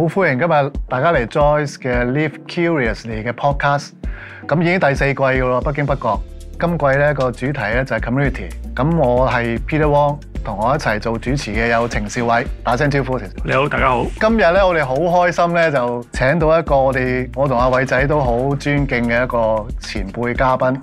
好，歡迎今日大家嚟 Joyce 嘅 Live Curiously 嘅 Podcast，咁已經第四季㗎喇，不經不覺。今季咧個主題咧就係 Community。咁我係 Peter Wong，同我一齊做主持嘅有程少偉，打聲招呼。程少你好，大家好。今日咧我哋好開心咧就請到一個我哋我同阿偉仔都好尊敬嘅一個前輩嘉賓。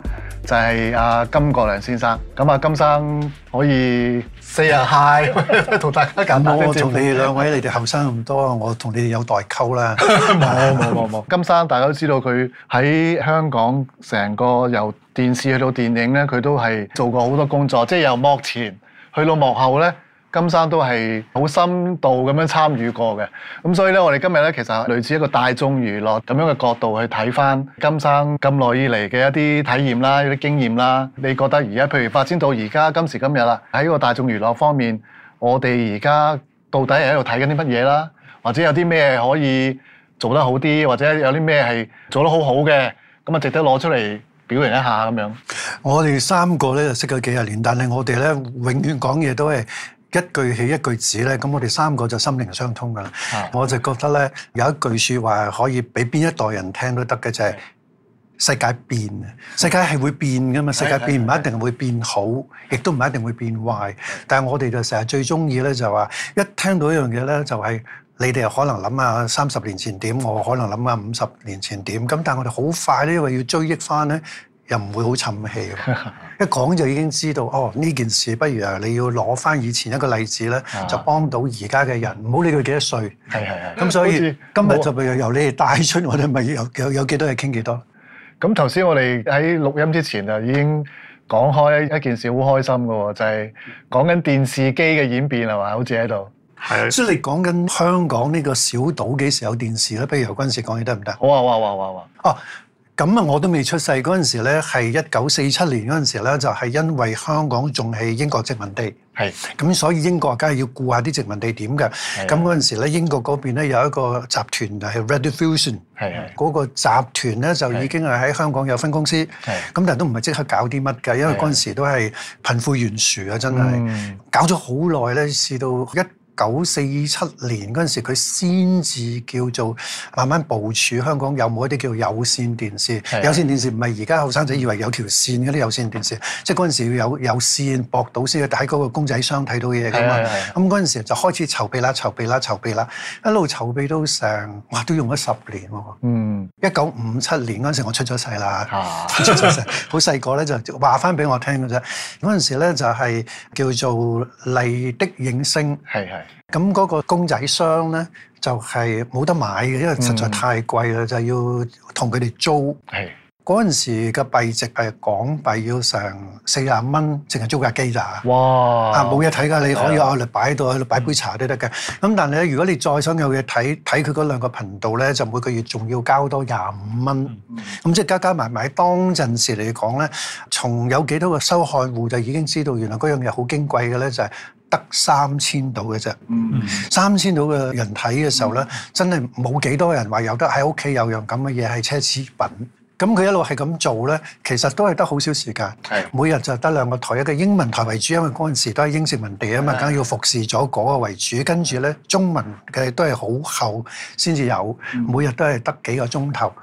就係阿金國良先生，咁啊金生可以 say hi 同 大家簡單我同做 你哋兩位你哋後生咁多，我同你哋有代溝啦。冇冇冇冇，金生，大家都知道佢喺香港成個由電視去到電影咧，佢都係做過好多工作，即係由幕前去到幕後咧。金生都係好深度咁樣參與過嘅，咁所以呢，我哋今日呢，其實類似一個大眾娛樂咁樣嘅角度去睇翻金生咁耐以嚟嘅一啲體驗啦、一啲經驗啦。你覺得而家譬如發展到而家今時今日啦，喺個大眾娛樂方面，我哋而家到底係喺度睇緊啲乜嘢啦？或者有啲咩可以做得好啲，或者有啲咩係做得好好嘅，咁啊值得攞出嚟表揚一下咁樣？我哋三個呢，就識咗幾十年，但係我哋呢，永遠講嘢都係，一句起一句止咧，咁我哋三個就心靈相通噶啦。我就覺得咧有一句説話可以俾邊一代人聽都得嘅就係世界變，世界係會變噶嘛。世界變唔一定會變好，亦都唔一定會變壞。但係我哋就成日最中意咧就話，一聽到一樣嘢咧就係你哋又可能諗下三十年前點，我可能諗下五十年前點。咁但係我哋好快咧，因為要追憶翻咧。又唔會好沉氣， 一講就已經知道哦。呢件事不如啊，你要攞翻以前一個例子咧，啊、就幫到而家嘅人，唔好理佢幾多歲。係係係。咁所以像今日就由你哋帶出，好我哋咪有有有幾多嘢傾幾多。咁頭先我哋喺錄音之前啊，已經講開一件事，就是，好開心㗎喎，就係講緊電視機嘅演變係嘛？好似喺度係。所以你講緊香港呢個小島幾時有電視咧？不如由軍事講起得唔得？好啊好啊好啊哦！咁啊，我都未出世嗰陣時咧，係一九四七年嗰陣時咧，就係因為香港仲係英國殖民地，係咁所以英國梗係要顧下啲殖民地點嘅。咁嗰陣時咧，英國嗰邊咧有一個集團係 Rediffusion，係嗰個集團咧就已經係喺香港有分公司，係咁但係都唔係即刻搞啲乜嘅，因為嗰陣時都係貧富懸殊啊，真係搞咗好耐咧，試到一九四七年嗰陣時，佢先至叫做慢慢部署香港有冇一啲叫有線電視。是的 有線電視唔係而家後生仔以為有條線嗰啲有線電視， 即係嗰陣時要有有線駁到先喺嗰個公仔箱睇到嘢㗎嘛。咁嗰陣時就開始籌備啦，籌備啦，籌備啦，一路籌備到成哇，都用咗十年喎。嗯，一九五七年嗰陣時我出咗世啦， 出咗世好細個咧就話翻俾我聽㗎啫。嗰陣時咧就係叫做麗的映聲，係係。 咁嗰個公仔箱咧，就係冇得買嘅，因為實在太貴啦，就要同佢哋租。係嗰陣時嘅幣值係港幣，要成四十蚊，淨係租架機咋。哇！啊，冇嘢睇噶，你可以攞嚟擺喺度，擺杯茶都得嘅。咁但係咧，如果你再想有嘢睇，睇佢嗰兩個頻道咧，就每個月仲要交多廿五蚊。咁即係加加埋埋，當陣時嚟講咧，從有幾多個收看戶就已經知道，原來嗰樣嘢好矜貴嘅咧，就係。得三千度嘅啫，嗯、三千度嘅人睇嘅時候咧，嗯、真係冇幾多人話有得喺屋企有樣咁嘅嘢，係奢侈品。咁佢一路係咁做咧，其實都係得好少時間，的每日就得兩個台，一個英文台為主，因為嗰陣時都係英殖民地啊嘛，梗的要服侍咗嗰個為主。跟住咧，中文嘅都係好後，先至有，嗯、每日都係得幾個鐘頭。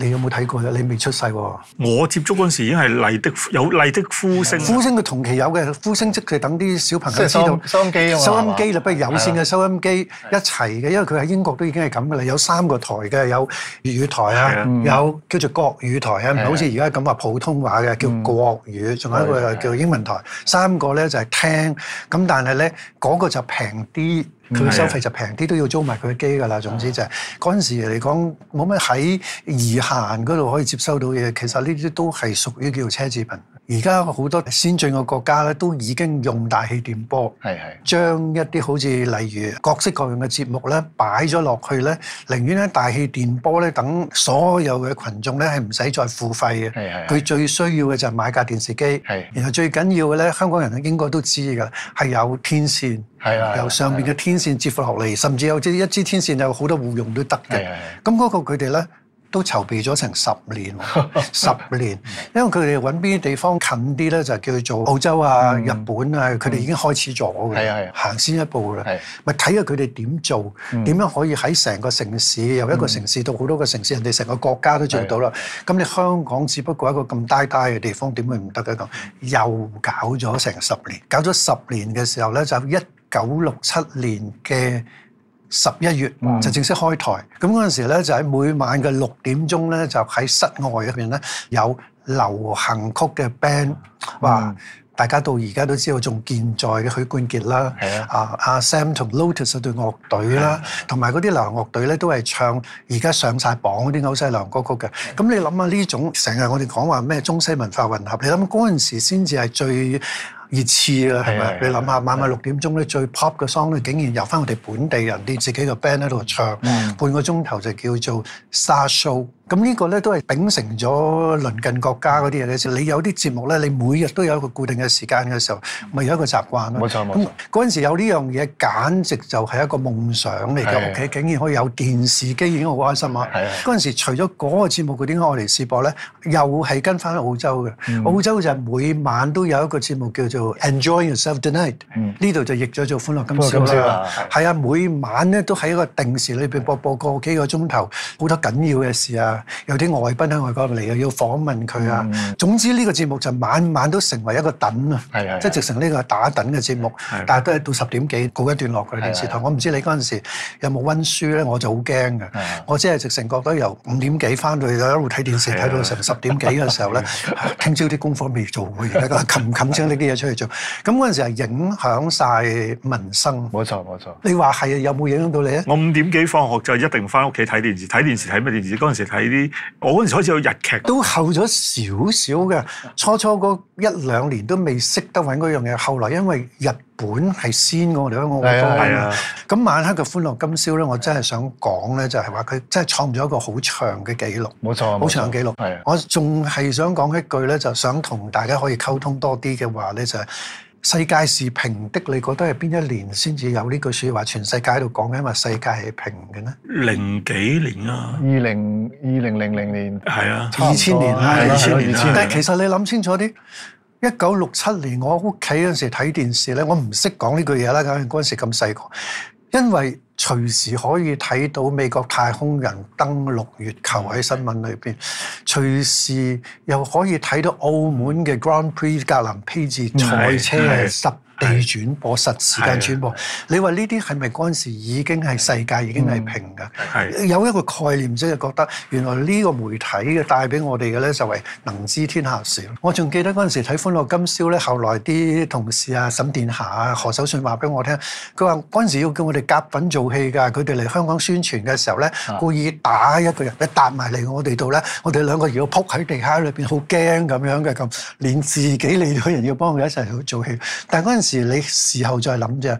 你有冇睇過？你未出世喎。我接觸嗰陣時已經係麗的有麗的呼聲。呼聲佢同期有嘅，呼聲即係等啲小朋友知道收音機啦，收音機就不如有線嘅的收音機一齊嘅，因為佢喺英國都已經係咁嘅啦，有三個台嘅，有粵語台啊，的有叫做國語台啊，唔係好似而家咁話普通話嘅叫國語，仲有一個叫英文台，的三個咧就係聽，咁但係咧嗰個就平啲。佢收費就平啲，都要租埋佢機㗎啦。總之就嗰陣時嚟講，冇乜喺宜限嗰度可以接收到嘢。其實呢啲都係屬於叫做奢侈品。而家好多先進嘅國家咧，都已經用大氣電波，將是是 一啲好似例如各式各樣嘅節目咧擺咗落去咧，寧願咧大氣電波咧等所有嘅群眾咧係唔使再付費嘅。佢是最需要嘅就係買架電視機，是是然後最緊要嘅咧，香港人應該都知㗎，係有天線，是是是由上面嘅天線接駁落嚟，甚至有隻一支天線有好多互用都得嘅。咁嗰個佢哋咧。都籌備咗成十年，十年，因為佢哋揾邊啲地方近啲呢，就叫做澳洲啊、日本啊，佢哋已經開始咗嘅，行先一步啦。咪睇下佢哋點做，點樣可以喺成個城市，由一個城市到好多個城市，人哋成個國家都做到啦。咁你香港只不過一個咁低低嘅地方，點會唔得嘅？咁又搞咗成十年，搞咗十年嘅時候呢，就一九六七年嘅。十一月就正式開台，咁嗰陣時咧就喺每晚嘅六點鐘咧就喺室外入面咧有流行曲嘅 band，話大家到而家都知道仲健在嘅許冠傑啦，啊阿 Sam 同 Lotus 對樂隊啦，同埋嗰啲流行樂隊咧都係唱而家上曬榜嗰啲歐西流行歌曲嘅，咁你諗下呢種成日我哋講話咩中西文化混合，你諗下嗰陣時先至係最。熱刺啊，係咪？你諗下，晚晚吧六點鐘咧，吧最 pop 嘅 song 呢，竟然由翻我哋本地人啲自己個 band 喺度唱，嗯、半個鐘頭就叫做 star show。咁呢個咧都係秉承咗鄰近國家嗰啲嘢嘅時候，你有啲節目咧，你每日都有一個固定嘅時間嘅時候，咪有一個習慣咯。冇錯冇錯。咁嗰陣時有呢樣嘢，簡直就係一個夢想嚟嘅，屋企，竟然可以有電視機已經好開心啊！嗰陣時除咗嗰個節目，嗰啲開我哋試播咧，又係跟翻澳洲嘅。澳洲就係每晚都有一個節目叫做 Enjoy Yourself Tonight，呢度就譯咗做歡樂今宵啦。係啊，每晚咧都喺一個定時裏邊播播個幾個鐘頭，好多緊要嘅事啊！有啲外賓喺外國嚟，又要訪問佢啊。總之呢個節目就晚晚都成為一個等啊，即係直成呢個打等嘅節目。但係都係到十點幾告一段落嘅電視台。我唔知你嗰陣時有冇溫書咧，我就好驚嘅。我即係直成覺得由五點幾翻到去一路睇電視，睇到成十點幾嘅時候咧，聽朝啲功課未做㗎，而家冚冚將呢啲嘢出去做。咁嗰陣時係影響晒民生。冇錯，冇錯。你話係啊？有冇影響到你啊？我五點幾放學就一定翻屋企睇電視，睇電視睇咩電視？嗰陣時睇。啲我嗰陣時開始睇日劇，都後咗少少嘅。初初嗰一兩年都未識得揾嗰樣嘢，後來因為日本係先過我哋香港好多嘅。咁晚黑嘅歡樂今宵咧，我真係想講咧，就係話佢真係創咗一個好長嘅記錄。冇錯，好長記錄。係。我仲係想講一句咧，就想同大家可以溝通多啲嘅話咧，就係、是。世界是平的，你覺得係邊一年先至有呢句説話？全世界喺度講緊，因為世界係平嘅咧？零幾年啊，二零二零零零年係啊，二千年啦、啊，二千年。但係其實你諗清楚啲，一九六七年我屋企嗰陣時睇電視咧，我唔識講呢句嘢啦，嗰陣時咁細個。.因為隨時可以睇到美國太空人登陸月球，喺新聞裏邊，隨時又可以睇到澳門嘅 Grand Prix 格林披治賽車實地轉播、實時間轉播，你話呢啲係咪嗰陣時已經係世界已經係平㗎？有一個概念即係覺得原來呢個媒體嘅帶俾我哋嘅咧就係能知天下事。我仲記得嗰陣時睇《歡樂今宵》咧，後來啲同事啊、沈殿霞啊、何守信話俾我聽，佢話嗰陣時要叫我哋夾份做戲㗎。佢哋嚟香港宣傳嘅時候咧，故意打一個人，佢搭埋嚟我哋度咧，我哋兩個要仆喺地下裏邊好驚咁樣嘅咁，連自己嚟到人要幫佢一齊去做戲。但係嗰陣時。你事後再諗啫，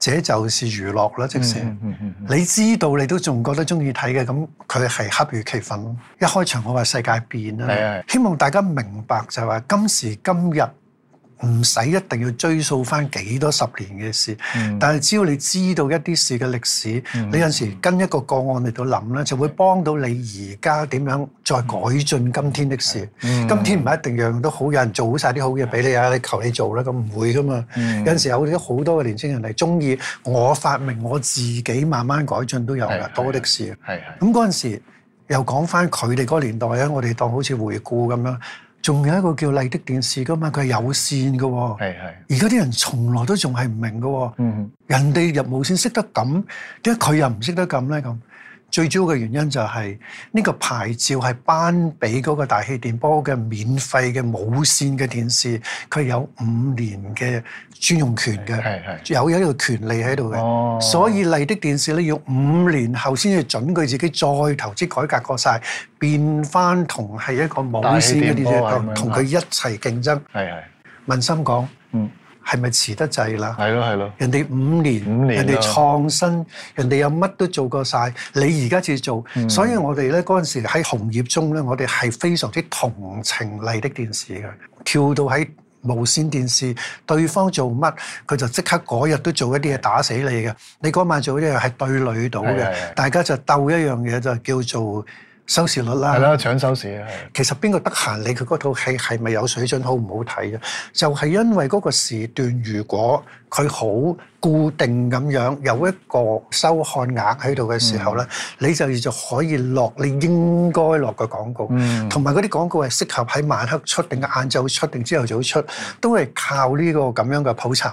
這就是娛樂啦，即係、嗯嗯嗯、你知道你都仲覺得鍾意睇嘅，咁佢係恰如其分。一開場我話世界變啦，希望大家明白就係話今時今日，唔使一定要追溯翻幾多十年嘅事，嗯、但係只要你知道一啲事嘅歷史，嗯、你有陣時跟一個個案嚟到諗咧，嗯、就會幫到你而家點樣再改進今天的事。嗯、今天唔係一定要樣樣都好，有人做好晒啲好嘢俾你啊，嗯、你求你做啦，咁唔會噶嘛。嗯、有陣時有啲好多嘅年輕人係中意我發明我自己慢慢改進都有嘅、嗯、多的事。係咁嗰陣時又講翻佢哋嗰個年代咧，我哋當好似回顧咁樣。仲有一個叫麗的電視㗎嘛，佢係有線嘅，而家啲人從來都仲係唔明嘅，嗯、人哋無綫識得咁，點解佢又唔識得咁咧？最主要嘅原因就係呢個牌照係頒俾嗰個大氣電波嘅免費嘅無線嘅電視，佢有五年嘅專用權嘅，係係有一個權利喺度嘅。哦，所以麗的電視咧要五年後先至準佢自己再投資改革過晒，變翻同係一個無線嘅電視同佢一齊競爭。係係，問心講嗯。係咪遲得滯啦？係咯係咯！人哋五年，人哋創新，人哋有乜都做過曬。你而家至做，所以我哋咧嗰陣時喺紅葉中咧，我哋係非常之同情麗的電視嘅。跳到喺無線電視，對方做乜佢就即刻嗰日都做一啲嘢打死你嘅。你嗰晚做一啲嘢係對壘到嘅，大家就鬥一樣嘢就叫做。收視率啦、啊，係啦，搶收視啊！其實邊個得閒理佢嗰套戲係咪有水準，好唔好睇啫？就係、係、因為嗰個時段，如果。佢好固定咁樣，有一個收看額喺度嘅時候呢，你就就可以落你應該落嘅廣告，同埋嗰啲廣告係適合喺晚黑出定晏晝出定朝頭早出，都係靠呢個咁樣嘅普查，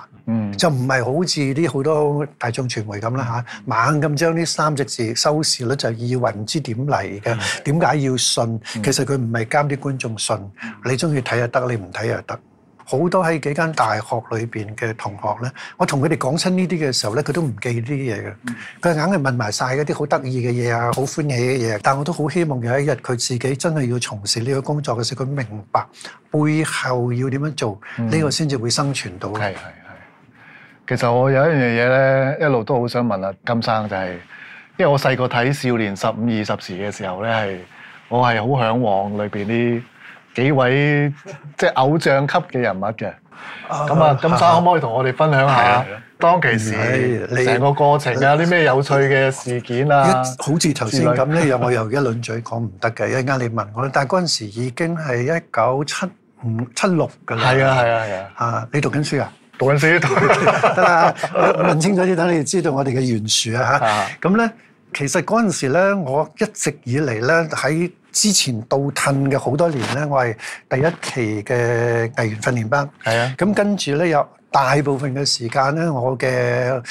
就唔係好似啲好多大眾傳媒咁啦嚇，猛咁將呢三隻字收視率就以為唔知點嚟嘅，點解要信？其實佢唔係監啲觀眾信，你中意睇又得，你唔睇又得。好多喺幾間大學裏邊嘅同學咧，我同佢哋講親呢啲嘅時候咧，佢都唔記呢啲嘢嘅，佢硬係問埋曬嗰啲好得意嘅嘢啊，好歡喜嘅嘢。但我都好希望有一日佢自己真係要從事呢個工作嘅時候，佢明白背後要點樣做，呢個先至會生存到。係係係。其實我有一樣嘢咧，一路都好想問啊，金生就係，因為我細個睇《少年十五二十時》嘅時候咧，係我係好嚮往裏邊啲。幾位即係偶像級嘅人物嘅，咁、uh, 啊，金生可唔可以同我哋分享下當其時成個過程有啲咩有趣嘅事件啊？好似頭先咁咧，有慮我又一輪嘴講唔得嘅，一陣間你問我，但係嗰陣時已經係一九七五七六㗎啦。係啊係啊係啊！嚇，你讀緊書啊？啊讀緊書讀緊書得啦， 問清楚啲，等你哋知道我哋嘅懸殊啊嚇。咁咧，其實嗰陣時咧，我一直以嚟咧喺。之前倒褪嘅好多年咧，我係第一期嘅藝員訓練班。係啊，咁跟住咧有大部分嘅時間咧，我嘅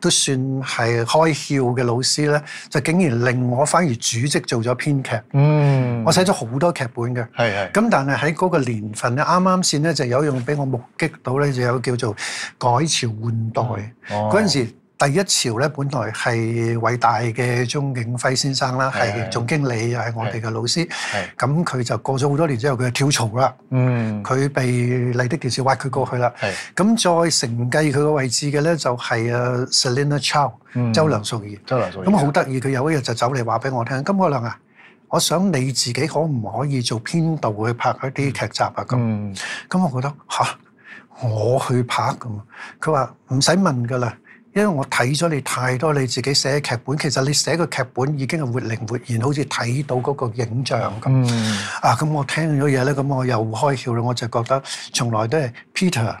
都算係開竅嘅老師咧，就竟然令我反而主席做咗編劇。嗯，我寫咗好多劇本嘅。係係。咁但係喺嗰個年份咧，啱啱先咧就有用俾我目擊到咧，就有叫做改朝換代。嗯。哦，嗰陣時。第一潮咧，本來係偉大嘅鍾景輝先生啦，係總經理，又係我哋嘅老師。咁佢就過咗好多年之後，佢就跳槽啦。嗯，佢被麗的電視挖佢過去啦。係，咁再承繼佢個位置嘅咧，就係啊 Selina Chow，周梁淑怡。周梁淑怡。咁好得意，佢有一日就走嚟話俾我聽，金海亮啊，我想你自己可唔可以做編導去拍一啲劇集啊？咁，咁我覺得嚇，我去拍㗎嘛。佢話唔使問㗎啦。因為我睇咗你太多你自己寫嘅劇本，其實你寫嘅劇本已經係活靈活現，好似睇到嗰個影像咁。Mm. 啊，咁我聽咗嘢咧，咁我又開竅啦。我就覺得從來都係 Peter。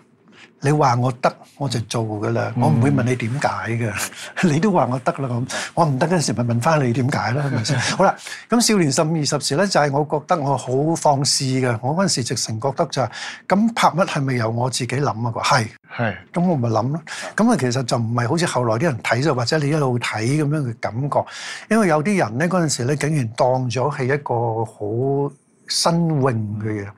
你話我得我就做噶啦，我唔會問你點解噶。你都話我得啦咁，我唔得嗰陣時咪問翻你點解啦，係咪先？好啦，咁少年十五二十時咧，就係我覺得我好放肆噶。我嗰陣時直情覺得就係，咁拍乜係咪由我自己諗啊？話係係，咁我咪諗咯。咁啊，其實就唔係好似後來啲人睇咗，或者你一路睇咁樣嘅感覺。因為有啲人咧嗰陣時咧，竟然當咗係一個好新穎嘅嘢。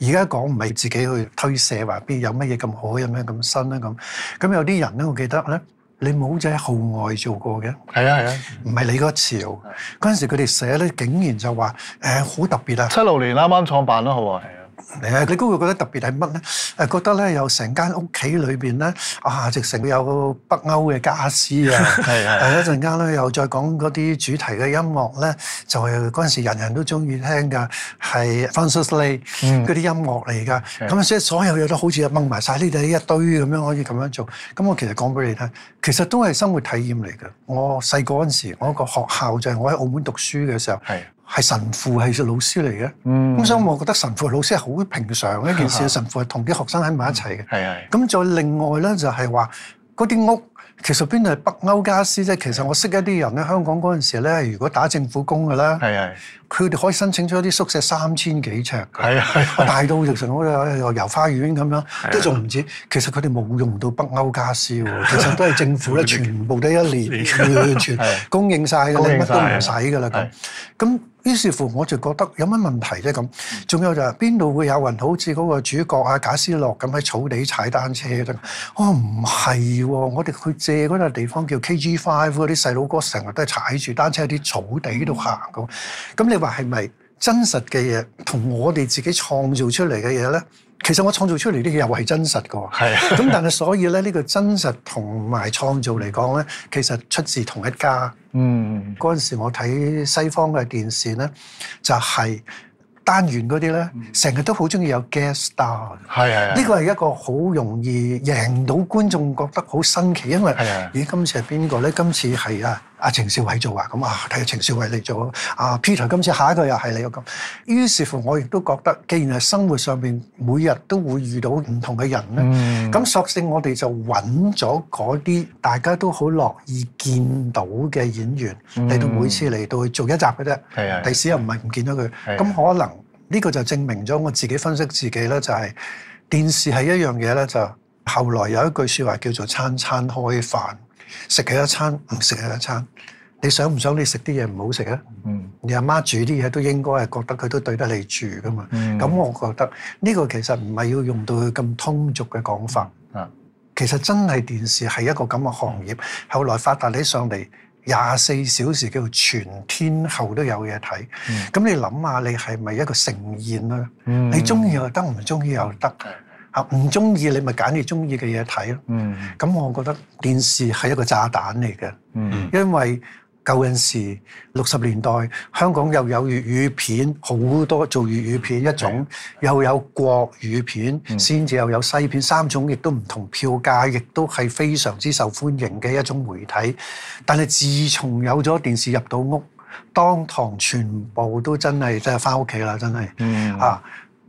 而家講唔係自己去推卸，話邊有乜嘢咁好，有咩咁新咧咁。咁有啲人咧，我記得咧，你冇喺號外做過嘅。係啊係啊，唔係你個潮。嗰陣時佢哋寫咧，竟然就話誒好特別啊！七六年啱啱創辦啦，好啊。你估佢覺得特別係乜咧？誒、啊、覺得咧又成間屋企裏邊咧啊，直情有個北歐嘅傢俬啊！係啊 Yeah, 的，一陣間咧又再講嗰啲主題嘅音樂咧，就係嗰陣時人人都鍾意聽嘅係 Francis Lai 嗰啲音樂嚟㗎。咁、嗯、所以所有嘢都好似掹埋晒呢啲一堆咁樣可以咁樣做。咁我其實講俾你聽，其實都係生活體驗嚟㗎。我細個嗰陣時，我一個學校就係我喺澳門讀書嘅時候。係。係神父係老師嚟嘅，咁、嗯、所以我覺得神父老師係好平常一件事。係啊神父係同啲學生喺埋一齊嘅，咁係啊再另外咧就係話嗰啲屋其實邊度係北歐傢俬即係。係啊其實我識一啲人咧，香港嗰陣時咧，如果打政府工㗎啦。係係。佢哋可以申請咗一啲宿舍三千幾尺嘅，係啊，大到直成好似遊花園咁樣，都仲唔止。其實佢哋冇用到北歐家私喎，其實都係政府咧， 全部都一年全供應晒嘅，乜都唔使嘅啦咁。咁的於是乎我就覺得有乜問題啫咁？仲有就係邊度會有人好似嗰個主角啊，假斯洛咁喺草地踩單車啫。哦，唔係喎，我哋去借嗰笪地方叫 KG Five 嗰啲細佬哥成日都係踩住單車喺啲草地度行嘅。咁、嗯、你？話係咪真實嘅嘢同我哋自己創造出嚟嘅嘢咧？其實我創造出嚟啲嘢又係真實噶。係咁，但係所以咧呢 個真實同埋創造嚟講咧，其實出自同一家。嗯，嗰陣時我睇西方嘅電視咧，就係、是、單元嗰啲咧，成日、嗯、都好中意有 guest star。係係。呢個係一個好容易贏到觀眾覺得好新奇，因為咦今次係邊個咧？今次係啊。阿程少偉做啊，咁啊睇下程少偉嚟做。阿、啊、Peter 今次下一個又係你咁。於是乎我亦都覺得，既然係生活上面每日都會遇到唔同嘅人咧，咁、嗯、索性我哋就揾咗嗰啲大家都好樂意見到嘅演員嚟、嗯、到每次嚟到去做一集嘅啫。第時的又唔係唔見到佢，咁的可能呢個就證明咗我自己分析自己啦，就係電視係一樣嘢咧，就後來有一句説話叫做餐餐開飯。食佢一餐唔食佢一餐，你想唔想你食啲嘢唔好食啊？嗯、你阿媽煮啲嘢都應該係覺得佢都對得你住噶嘛？咁、嗯、我覺得呢個其實唔係要用到佢咁通俗嘅講法。啊、其實真係電視係一個咁嘅行業，嗯、後來發達起上嚟，廿四小時叫做全天候都有嘢睇。咁、嗯、你諗下，你係咪一個盛宴啊？嗯、你中意又得，唔中意又得。嗯啊！唔中意你咪揀你中意嘅嘢睇咯。咁、嗯、我覺得電視係一個炸彈嚟嘅，嗯、因為舊陣時六十年代香港又有粵語片，好多做粵語片一種，嗯、又有國語片，先至又有西片，三種亦都唔同票價，亦都係非常之受歡迎嘅一種媒體。但係自從有咗電視入到屋，當堂全部都真係即係返屋企啦，真係、嗯、啊！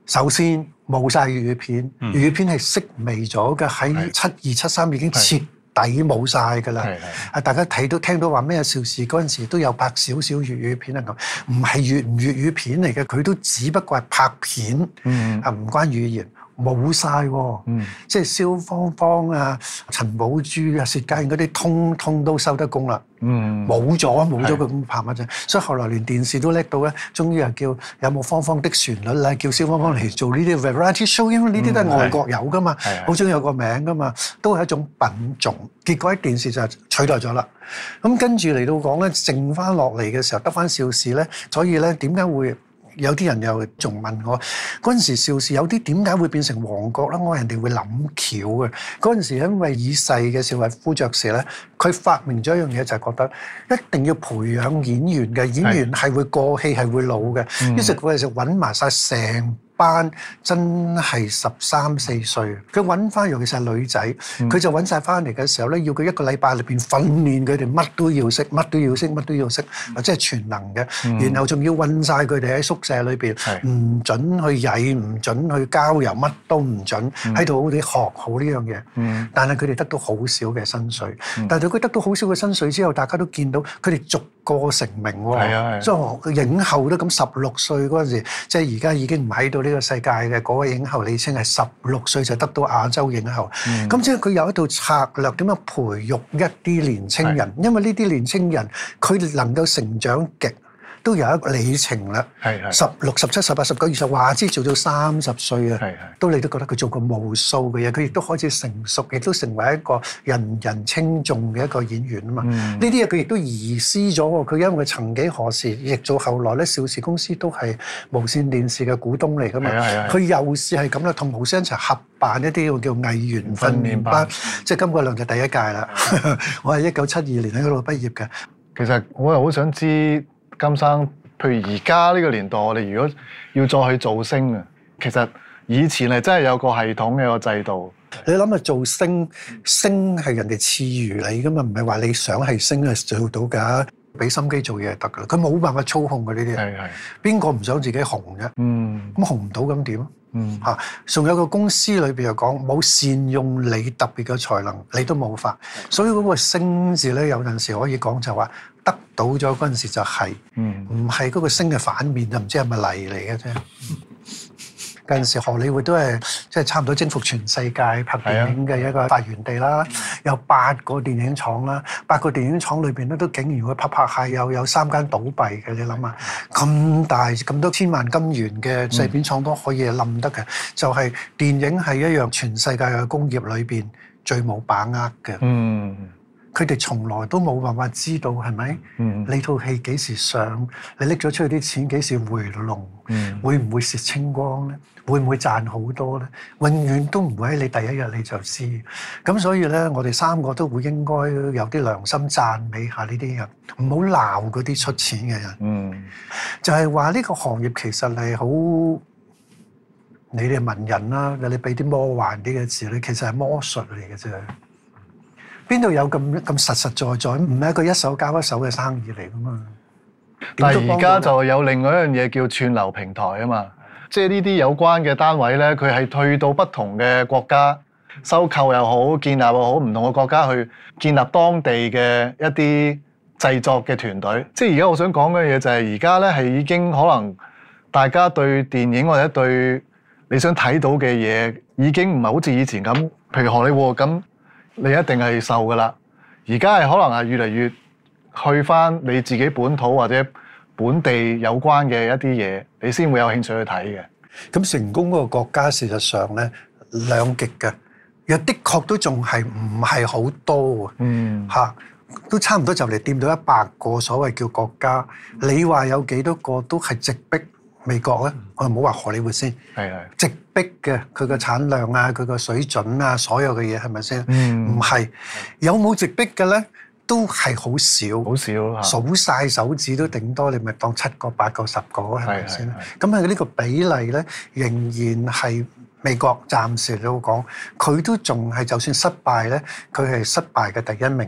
首先。冇晒粵語片，粵、嗯、語片係式微咗嘅，喺七二七三已經徹底冇晒㗎喇。係啊，大家睇到聽到話咩邵氏嗰陣時都有拍少少粵語片啊咁，唔係粵唔粵語片嚟嘅，佢都只不過係拍片，啊唔、嗯、關語言。冇晒喎，嗯、即係蕭芳芳啊、陳寶珠啊、薛家燕嗰啲，通通都收得工啦，冇咗啊，冇咗佢咁拍乜啫。所以後來連電視都叻到咧，終於又叫有冇芳芳的旋律啦，叫蕭芳芳嚟做呢啲 variety show，因為呢啲都係外是的 國有噶嘛，好中意有個名噶嘛，都係一種品種。結果喺電視就取代咗啦。咁跟住嚟到講咧，剩翻落嚟嘅時候得翻邵氏咧，所以咧點解會？有啲人又仲問我嗰陣時，邵氏有啲點解會變成王國咧？我人哋會諗橋嘅。嗰陣時因為已逝嘅邵逸夫爵士咧，佢發明咗一樣嘢，就係、是、覺得一定要培養演員嘅演員係會過氣係是會老嘅，嗯、於是佢嗰陣時揾埋晒成。班真係十三四歲，佢揾翻，尤其是女仔，佢就揾晒翻嚟嘅時候咧，要佢一個禮拜裏邊訓練佢哋，乜都要識，乜都要識，乜都要識，即係全能嘅。然後仲要韞晒佢哋喺宿舍裏邊唔是准去曳，唔准去交遊，乜都唔准喺度好啲學好呢樣嘢。是但係佢哋得到好少嘅薪水，是但係佢得到好少嘅薪水之後大家都見到佢哋逐個成名喎。即係影后都咁十六歲嗰陣時，即係而家已經唔喺度咧。呢個世界嘅嗰位影后李青係十六歲就得到亞洲影后，咁、嗯、即係佢有一套策略點樣培育一啲年青人，是的 因為呢啲年青人佢能夠成長極。都有一個里程啦，十六、十七、十八、十九、二十，話之做到三十歲啊，都你都覺得佢做過無數嘅嘢，佢亦都開始成熟，亦都成為一個人人稱重嘅一個演員啊嘛。呢啲嘢佢亦都遺失咗。佢因為佢曾幾何時，亦早後來咧，邵氏公司都係無線電視嘅股東嚟㗎嘛。佢又試係咁啦，同無線一齊合辦一啲叫藝員訓練班，即係甘國亮就第一屆啦。我係一九七二年喺嗰度畢業嘅。其實我又好想知。金生，譬如而家呢個年代，我哋如果要再去做星啊，其實以前係真係有個系統嘅個制度。你諗下，做星，星係人哋賜予你噶嘛，唔係話你想係星係做到㗎。俾心機做嘢就得㗎，佢冇辦法操控㗎呢啲。係係。邊個唔想自己紅啫？嗯。咁紅唔到咁點？嗯。嚇，仲有個公司裏邊又講冇善用你特別嘅才能，你都冇法。所以嗰個星字咧，有陣時可以講就話。得到咗嗰陣時就係，嗯，唔係嗰個星嘅反面就唔知係咪嚟嚟嘅啫。嗰陣時荷里活都係即係差唔多征服全世界拍電影嘅一個發源地啦，嗯、有八個電影廠啦，八個電影廠裏邊咧都竟然會拍拍下有有三間倒閉嘅，你諗下咁大咁多千萬金元嘅製片廠都可以冧得嘅。嗯、就係電影係一樣全世界嘅工業裏邊最冇把握嘅。嗯。佢哋從來都冇辦法知道係咪？嗯、你套戲幾時上？你搦咗出去啲錢幾時回籠，嗯？會唔會蝕清光咧？會唔會賺好多咧？永遠都唔會喺你第一日你就知。咁所以咧，我哋三個都會應該有啲良心讚美下呢啲人，唔好鬧嗰啲出錢嘅人。嗯、就係話呢個行業其實係好你哋文人啦，你俾啲魔幻啲嘅字咧，其實係魔術嚟嘅啫。邊度有咁咁實實在在？唔係一個一手交一手嘅生意嚟噶嘛？但係而家就有另外一樣嘢叫串流平台啊嘛。即係呢啲有關嘅單位呢，佢係去到不同嘅國家收購又好，建立又好，唔同嘅國家去建立當地嘅一啲製作嘅團隊。即係而家我想講嘅嘢就係而家呢係已經可能大家對電影或者對你想睇到嘅嘢已經唔係好似以前咁，譬如荷里活咁。你一定係受噶啦，而家係可能係越嚟越去翻你自己本土或者本地有關嘅一啲嘢，你先會有興趣去睇嘅。咁成功個國家，事實上咧兩極嘅，又的確都仲係唔係好多，嗯，嚇、啊、都差唔多就嚟掂到一百個所謂叫國家，嗯、你話有幾多個都係直逼。美國咧，嗯、我唔好話荷里活先，係係直逼嘅佢個產量啊，佢個水準啊，所有嘅嘢係咪先？唔係、嗯、有冇直逼嘅咧，都係好少，好少數晒手指都頂多，係係你咪當七個、八個係、十個，係咪先？咁係呢個比例咧，仍然係。美國暫時都講，佢都仲係就算失敗咧，佢係失敗嘅第一名。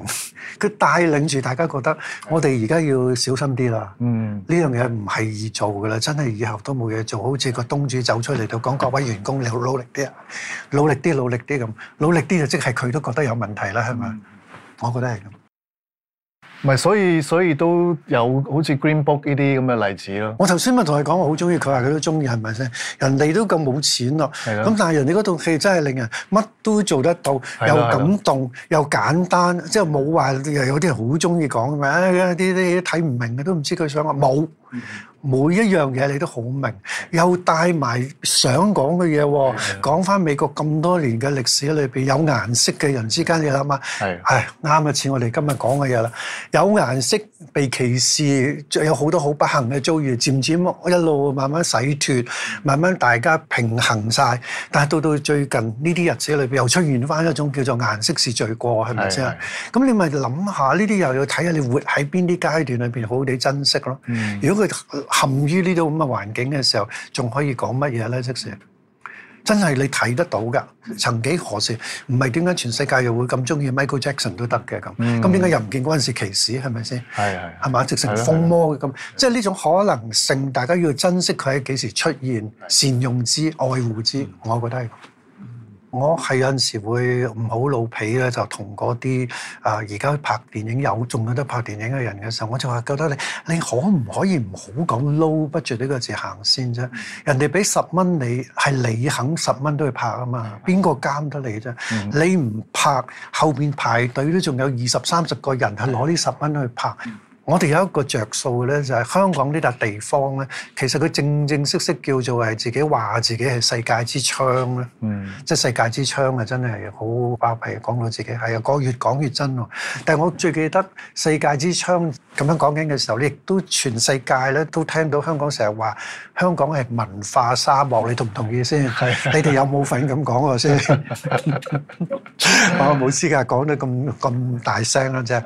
佢帶領住大家覺得，我哋而家要小心啲啦。嗯，呢樣嘢唔係易做嘅啦，真係以後都冇嘢做。好似個東主走出嚟就講，各位員工，你好努力啲，努力啲，努力啲咁，努力啲就即係佢都覺得有問題啦，係咪？嗯，我覺得係咁。唔係，所以所以都有好似 Green Book 呢啲咁嘅例子咯。我頭先咪同你講，我好中意，佢話佢都中意，係咪先？人哋都咁冇錢咯，係啦，咁但係人哋嗰套戲真係令人乜都做得到，又感動又簡單，即係冇話有啲人好中意講咁樣，啲啲睇唔明嘅都唔知佢想話冇。每一樣嘢你都好明，又帶埋想講嘅嘢喎。講翻美國咁多年嘅歷史裏邊，有顏色嘅人之間，你諗下，係啱嘅，似我哋今日講嘅嘢啦。有顏色被歧視，有好多好不幸嘅遭遇，漸漸一路慢慢洗脫，慢慢大家平衡晒。但係到到最近呢啲日子裏邊，又出現翻一種叫做顏色是罪過，係咪先？咁你咪諗下呢啲，又要睇下你活喺邊啲階段裏邊，好好地珍惜咯。如果佢，陷於呢度咁嘅環境嘅時候，仲可以講乜嘢咧？即係真係你睇得到㗎。曾幾何時，唔係點解全世界又會咁鍾意 Michael Jackson 都得嘅咁？咁點解又唔見嗰陣時歧視係咪先？係係係嘛？直情瘋魔嘅咁，即係呢種可能性，大家要珍惜佢喺幾時出現，善用之，愛護之，我覺得係。我係有陣時會唔好老皮咧，就同嗰啲啊而家拍電影有仲有得拍電影嘅人嘅時候，我就話覺得你你可唔可以唔好講 low budget 呢個字行先啫？人哋俾十蚊你係你肯十蚊都去拍啊嘛？邊個監得你啫？嗯、你唔拍後邊排隊都仲有二十三十個人係攞呢十蚊去拍。嗯嗯我哋有一個著數咧，就係香港呢笪地方咧，其實佢正正式式叫做係自己話自己係世界之窗咧。嗯，即係世界之窗啊，真係好爆皮講到自己，係啊，講越講越真喎。但係我最記得世界之窗咁樣講緊嘅時候咧，亦都全世界咧都聽到香港成日話香港係文化沙漠，你同唔同意先？你哋有冇份咁講啊？先，我冇資格講得咁咁大聲喇啫。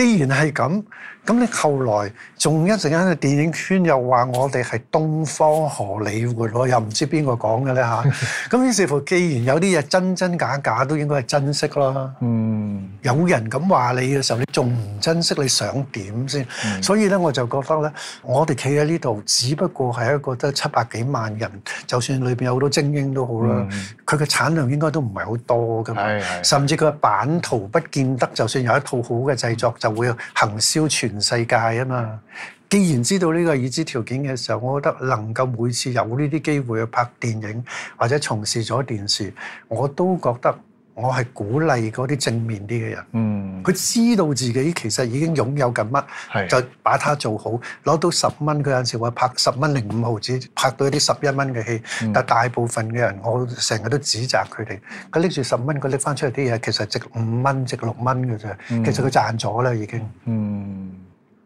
既然係咁，咁你後來仲一陣間，電影圈又話我哋係東方荷里活喎，又唔知邊個講嘅咧嚇。咁於是乎，既然有啲嘢真真假假，都應該係珍惜啦。嗯，有人咁話你嘅時候，你仲唔珍惜？你想點先？所以咧，我就覺得咧，我哋企喺呢度，只不過係一個得七百幾萬人，就算裏邊有好多精英都好啦，佢嘅產量應該都唔係好多㗎嘛。係係。甚至佢嘅版圖不見得，就算有一套好嘅製作就。會行銷全世界啊嘛！既然知道呢個已知條件嘅時候，我覺得能夠每次有呢啲機會去拍電影或者從事咗電視，我都覺得。我係鼓勵嗰啲正面啲嘅人，佢、嗯、知道自己其實已經擁有緊乜，是就把它做好。攞到十蚊，佢有陣時會拍十蚊零五毫子，拍到一啲十一蚊嘅戲。嗯、但大部分嘅人，我成日都指責佢哋。佢拎住十蚊，佢拎翻出嚟啲嘢，其實值五蚊、值六蚊嘅啫。嗯、其實佢賺咗啦，已經了了。嗯，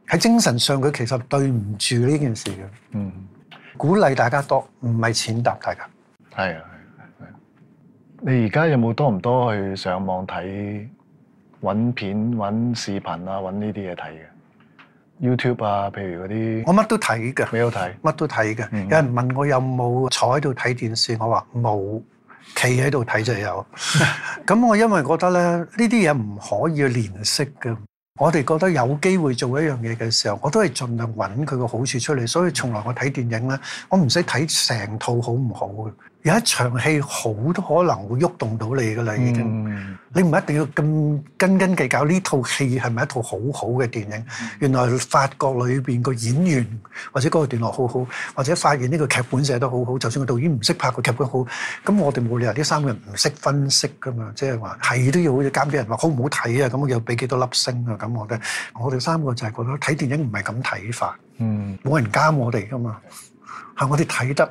喺精神上佢其實對唔住呢件事嘅。嗯，鼓勵大家多，唔係踐踏大家。係啊。你而家有冇多唔多去上網睇，揾片，揾視頻啊，揾呢啲嘢睇嘅？YouTube 啊，譬如嗰啲我乜都睇嘅，咩都睇，乜都睇嘅。有人問我有冇坐喺度睇電視，我話冇，企喺度睇就有。咁我因為覺得咧，呢啲嘢唔可以連息嘅。我哋覺得有機會做一樣嘢嘅時候，我都係盡量揾佢個好處出嚟。所以從來我睇電影咧，我唔使睇成套好唔好嘅。有一場戲好多可能會喐動到你噶啦，已經你唔係一定要咁斤斤計較呢套戲係咪一套好好嘅電影？原來法國裏邊個演員或者嗰個段落好好，或者發現呢個劇本寫得好好，就算個導演唔識拍，個劇本好，咁我哋冇理由啲三個人唔識分析噶嘛？即係話係都要好似監評人話好唔好睇啊？咁又俾幾多粒星啊？咁我覺得我哋三個就係覺得睇電影唔係咁睇法，冇人監我哋噶嘛，係我哋睇得。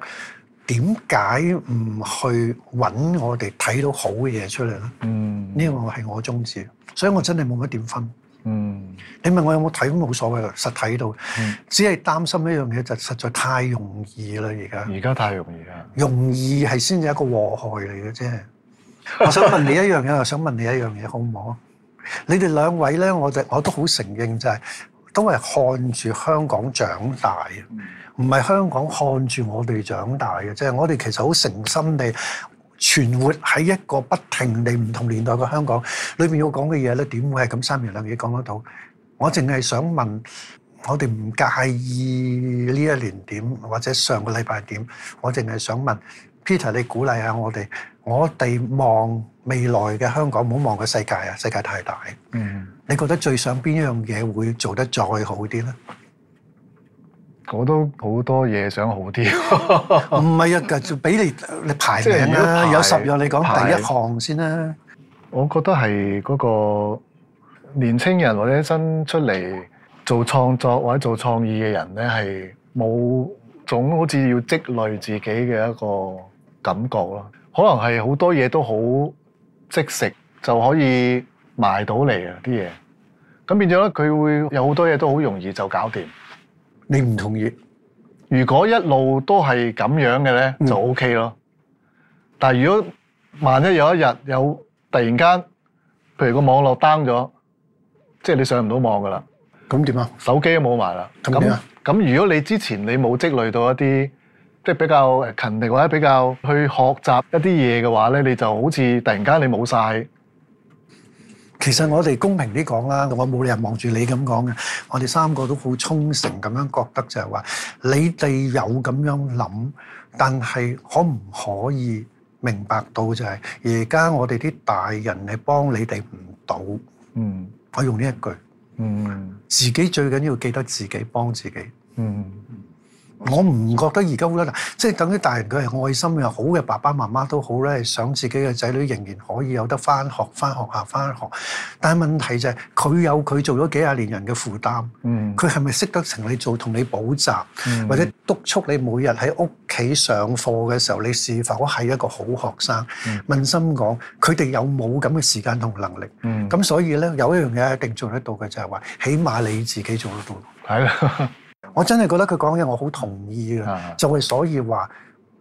點解唔去揾我哋睇到好嘅嘢出嚟咧？呢、嗯、個係我宗旨，所以我真係冇乜點分。嗯、你問我有冇睇都冇所謂啦，實體到、嗯、只係擔心一樣嘢就實在太容易啦而家。而家太容易啦。容易係先至係一個禍害嚟嘅啫。我想問你一樣嘢，我想問你一樣嘢，好唔好？你哋兩位咧，我就我都好承認、就係，就係都係看住香港長大啊。嗯唔係香港看住我哋長大嘅，即係我哋其實好誠心地存活喺一個不停地唔同年代嘅香港裏面。要講嘅嘢咧，點會係咁三言兩語講得到？我淨係想問，我哋唔介意呢一年點，或者上個禮拜點？我淨係想問 Peter，你鼓勵下我哋。我哋望未來嘅香港，唔好望個世界啊！世界太大。嗯。你覺得最想邊一樣嘢會做得再好啲咧？我都好多嘢想好啲，唔係啊！就俾你你排名啦，有十樣排你講第一項先啦。我覺得係嗰個年輕人或者新出嚟做創作或者做創意嘅人咧，係冇種好似要積累自己嘅一個感覺咯。可能係好多嘢都好即食就可以賣到嚟啊啲嘢，咁變咗咧佢會有好多嘢都好容易就搞掂。你唔同意？如果一路都係咁樣嘅咧，嗯、就 OK 咯。但係如果萬一有一日有突然間，譬如個網絡 down 咗，即係你上唔到網噶啦，咁點啊？手機都冇埋啦，咁點啊？咁如果你之前你冇積累到一啲即係比較勤力或者比較去學習一啲嘢嘅話咧，你就好似突然間你冇晒。其實我哋公平啲講啦，我冇理由望住你咁講嘅。我哋三個都好衷誠咁樣覺得就係話，你哋有咁樣諗，但係可唔可以明白到就係而家我哋啲大人係幫你哋唔到？嗯，我用呢一句。嗯，自己最緊要記得自己幫自己。嗯。我唔覺得而家好多，即係等於大人佢係愛心又好嘅爸爸媽媽都好咧，想自己嘅仔女仍然可以有得返學、返學校、返學。但係問題就係佢有佢做咗幾廿年人嘅負擔，佢係咪識得成你做同你補習，嗯、或者督促你每日喺屋企上課嘅時候，你是否係一個好學生？嗯、問心講，佢哋有冇咁嘅時間同能力？咁、嗯、所以咧，有一樣嘢一定做得到嘅就係話，起碼你自己做得到。係啦、嗯。 我真係覺得佢講嘢我好同意嘅，就係所以話，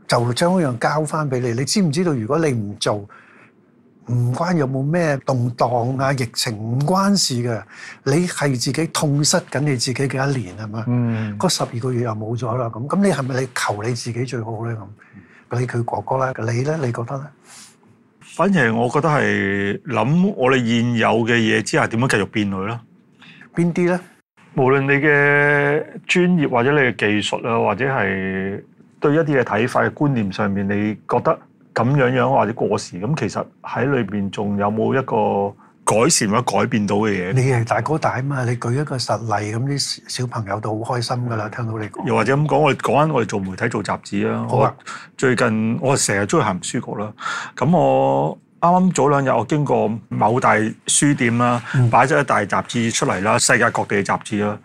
就將一樣交返俾你，你知唔知道如果你唔做，唔關有冇咩動盪呀，疫情唔關事嘅，你係自己痛失緊你自己幾多年，係咪？嗰十二個月又冇咗啦，咁你係咪你求你自己最好呢？咁你佢哥哥呢？你呢？你覺得呢？反而我覺得係，諗我哋現有嘅嘢之下，點樣繼續變佢啦？邊啲呢？無論你嘅專業或者你嘅技術啊，或者係對一啲嘅睇法、觀念上面，你覺得咁樣樣或者過時，咁其實喺裏邊仲有冇一個改善或者改變到嘅嘢？你係大哥大啊嘛！你舉一個實例，咁啲小朋友都好開心㗎啦，聽到你講。又或者咁講，我哋講緊我哋做媒體、做雜誌啊。好啊的！最近我成日中意行書局啦。咁我。啱啱早兩日我經過某大書店啦，擺咗一大雜誌出嚟啦，世界各地嘅雜誌啦。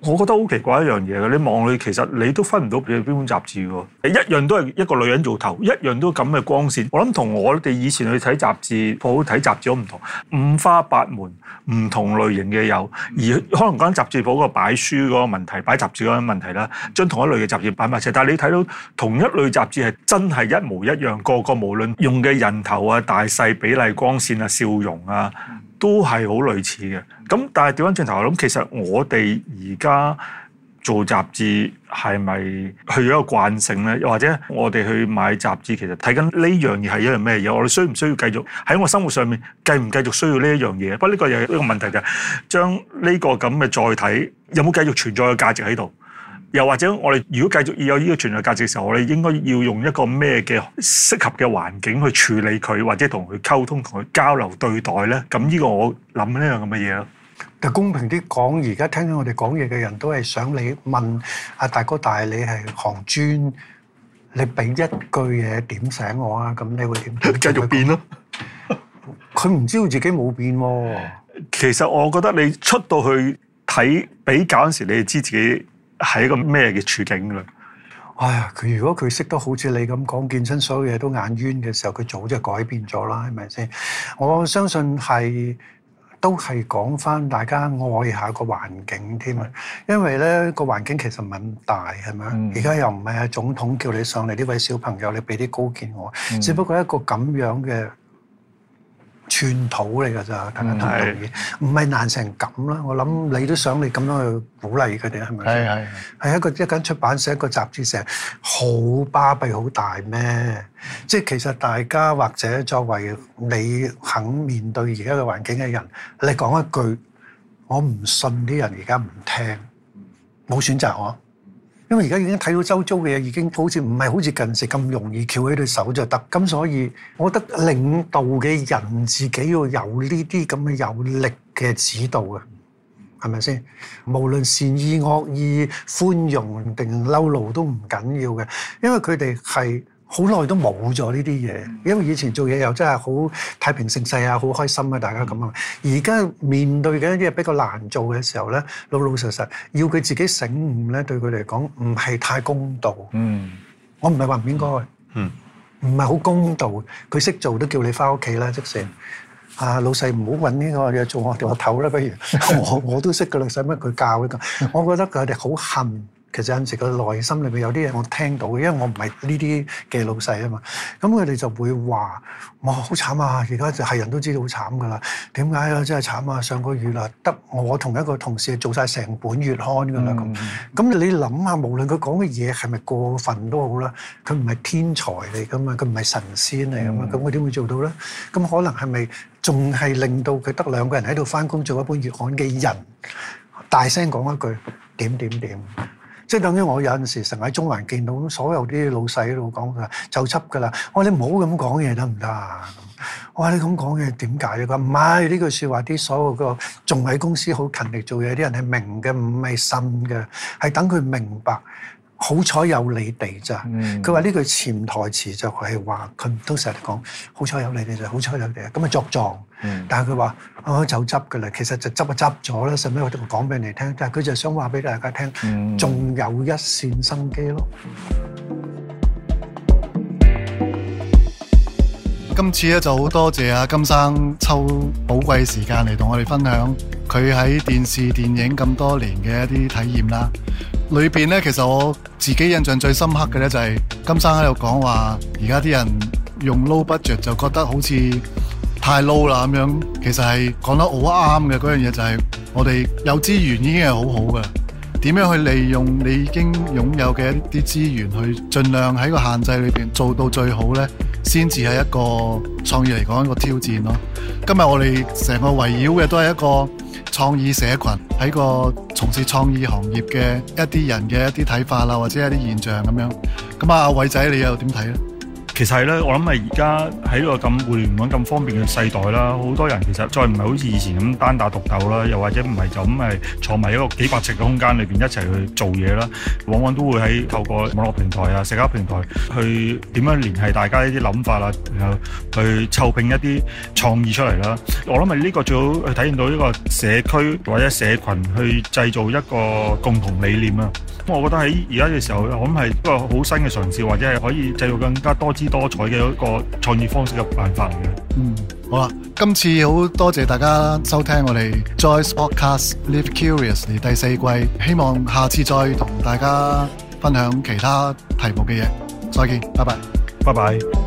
我覺得好奇怪一樣嘢嘅，你望佢其實你都分唔到邊邊本雜誌喎。係一樣都係一個女人做頭，一樣都咁嘅光線。我諗同我哋以前去睇雜誌舖睇雜誌好唔同，五花八門，唔同類型嘅有。而可能間雜誌舖嗰個擺書嗰個問題，擺雜誌嗰個問題啦，將同一類嘅雜誌擺埋一齊。但係你睇到同一類雜誌係真係一模一樣，個個無論用嘅人頭啊，大細，係比例光線啊，笑容啊，都係好類似嘅。咁但係調翻轉頭，我諗其實我哋而家做雜誌係咪去咗一個慣性咧？又或者我哋去買雜誌，其實睇緊呢樣嘢係一樣咩嘢？我哋需唔需要繼續喺我生活上面，繼唔繼續需要呢一樣嘢？不過呢個又係一個問題，就係將呢個咁嘅載體有冇繼續存在嘅價值喺度？又或者我哋如果繼續要有呢個存在價值嘅時候，我哋應該要用一個咩嘅適合嘅環境去處理佢，或者同佢溝通、同佢交流對待咧。咁呢個我諗呢樣咁嘅嘢咯。但公平啲講，而家聽到我哋講嘢嘅人都係想你問阿大哥大，但係你係行專，你俾一句嘢點醒我啊？咁你會點繼續變咯？佢唔知道自己冇變喎。其實我覺得你出到去睇比較嗰時，你就知自己。係一個咩嘅處境㗎？哎呀！佢如果佢識得好似你咁講見親所有嘢都眼冤嘅時候，佢早就改變咗啦，係咪先？我相信係都係講返大家愛下個環境添啊！因為咧個環境其實唔係咁大，係咪？而家又唔係阿總統叫你上嚟呢位小朋友，你俾啲高見我。嗯、只不過一個咁樣嘅。寸土嚟㗎咋，大家同道嘢，唔係的難成咁啦。我諗你都想你咁樣去鼓勵佢哋，係咪先？係係一個一間出版社一個雜誌社，好巴閉好大咩？即係其實大家或者作為你肯面對而家嘅環境嘅人，你講一句，我唔信啲人而家唔聽，冇選擇我。因為而家已經睇到周遭嘅嘢，已經好似唔係好似近時咁容易翹起對手就得，咁所以我覺得領導嘅人自己要有呢啲咁嘅有力嘅指導啊，係咪先？無論善意惡意、寬容定嬲怒都唔緊要嘅，因為佢哋係。好耐都冇咗呢啲嘢，因為以前做嘢又真係好太平盛世啊，好開心啊，大家咁啊。而家面對緊一啲比較難做嘅時候咧，老老實實要佢自己醒悟咧，對佢嚟講唔係太公道。嗯，我唔係話唔應該，嗯，唔係好公道。佢識、嗯、做都叫你翻屋企啦，即係。啊，老細唔好揾呢個嘢做我條頭啦，不如 我我都識噶啦，使乜佢教呢個？我覺得佢哋好恨。其實有陣時佢內心裏邊有啲嘢我聽到嘅，因為我唔係呢啲嘅老細啊嘛，咁佢哋就會話：哇，好慘啊！而家就係人都知道好慘噶啦，點解啊？真係慘啊！上個月啊，得我同一個同事做晒成本月刊噶啦咁。咁你諗下，無論佢講嘅嘢係咪過分都好啦，佢唔係天才嚟噶嘛，佢唔係神仙嚟噶嘛，咁佢點會做到咧？咁可能係咪仲係令到佢得兩個人喺度返工做一本月刊嘅人，大聲講一句點點點？即，等於我有一次成為中南見到所有啲老師喺度講㗎，就忌㗎啦，我哋冇咁講嘢得唔得？我哋咁講嘢點解㗎，唔係，呢個說話啲所有個仲有公司好勤力做嘅啲人係明嘅，唔係信嘅，係等佢明白。好彩有你哋咋？佢話呢句潛台詞就係話，佢都成日講好彩有你哋咋，好彩有你哋咁啊作狀。Mm hmm. 但係佢話我就執㗎啦，其實就執啊執咗啦，使咩我講俾你聽？但係佢就係想話俾大家聽，仲、mm hmm. 有一線生機咯。今次咧就好多謝阿金生抽寶貴時間嚟同我哋分享佢喺電視電影咁多年嘅一啲體驗啦。裏邊呢，其實我自己印象最深刻嘅呢，就係金生喺度講話，而家啲人用 low budget 就覺得好似太 low 啦咁樣。其實係講得好啱嘅嗰樣嘢就係，我哋有資源已經係好好㗎，點樣去利用你已經擁有嘅一啲資源去盡量喺個限制裏邊做到最好呢？先至係一個創意嚟講一個挑戰咯。今日我哋成個圍繞嘅都係一個創意社群，喺個從事創意行業嘅一啲人嘅一啲睇法啦，或者一啲現象咁樣。咁阿偉仔，你又點睇咧？其實係咧，我諗係而家喺個咁互聯網咁方便嘅世代啦，好多人其實再唔係好似以前咁單打獨鬥啦，又或者唔係就咁係坐埋一個幾百尺嘅空間裏邊一齊去做嘢啦，往往都會喺透過網絡平台啊、社交平台去點樣聯繫大家呢啲諗法啊，然後去湊拼一啲創意出嚟啦。我諗係呢個最好去體現到一個社區或者社群去製造一個共同理念啊。咁我覺得喺而家嘅時候，我諗係一個好新嘅嘗試，或者係可以製造更加多。多彩嘅一個創業方式嘅辦法嚟嘅。嗯，好啦，今次好多謝大家收聽我哋 Joyce Podcast Live Curiously 第四季，希望下次再同大家分享其他題目嘅嘢。再見，拜拜，拜拜。